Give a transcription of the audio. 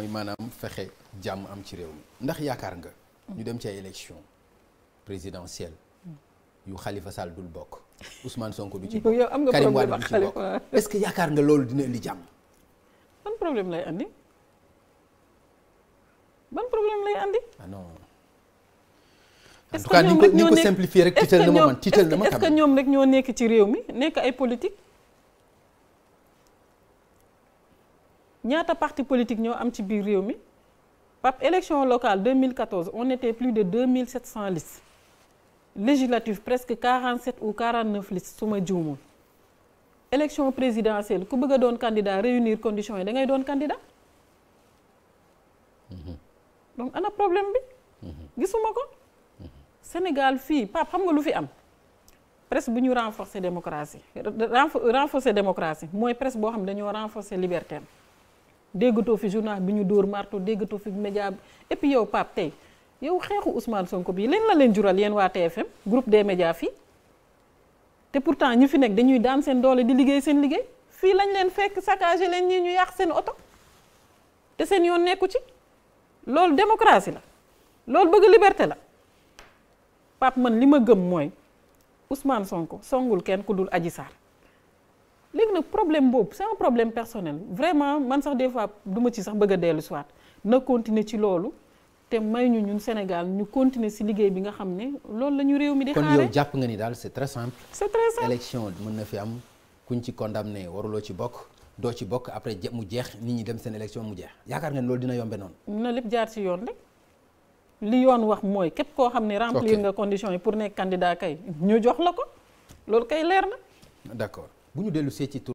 mooy maanaam fexe jàmm am ci réew mi ndax yaakaar nga. ñu dem ci ay élections présidentielles. yu Khalifa Sall dul bokk Ousmane Sonko du ci bokk Karim Wade du ci bokk est-ce que yaakaar nga loolu dina indi jàmm. ban problème lay indi ban problème lay andi. ah non en tout cas ni ni ko na ma man que ñoom rek ñoo nekk ci réew mi nekk ay politique. ñaata parti politique ñoo am ci biir réew mi pap élection locale 2014 on était plus de 2700 listes législative presque 47 ou 49 listes su ma juumul élection présidentielle ku bëgg a doon candidat réunir conditions yi da ngay doon candidat mhm. donc ana problème bi mhm. gisuma ko mhm. Sénégal fii pap xam nga lu fi am presse bu ñu renforcer démocratie renforcer démocratie mooy presse boo xam ne dañoo renforcer liberté déggato fi journal bi ñu dóor marto déggatoo fi média bi et puis yow Pape tey yow xeexu Ousmane Sonko bii leen la leen jural yéen waa TFM groupe des médias fii te pourtant ñi fi nekk dañuy daan seen doole di liggéey seen liggéey fii lañ leen fekk saccagé leen ñii ñu yàq seen oto te seen yoon nekku ci loolu démocratie la loolu bëgg liberté la Pape man li ma gëm mooy Ousmane Sonko songul kenn ku dul aji Sarr léegi nag problème boobu c'est problème personnel vraiment man sax des fois du ma ci sax bëgg a dellu soit na continuer ci loolu te may ñu ñun Sénégal ñu continuer si liggéey bi nga xam ne loolu la ñu réew mi di xaare kon yow jàpp nga ni daal c'est très simple. c'est très simple élection mën na fi am kuñ ci condamné waruloo ci bokk doo ci bokk après mu jeex nit ñi dem seen élection mu jeex yaakaar ngeen loolu dina yombe noonu. na lépp jaar ci yoon rek. li yoon wax mooy képp koo xam ne remplir nga conditions yi pour nekk candidat kay ñu jox la ko loolu kay leer na. d'accord. bu ñu dellu see ci tur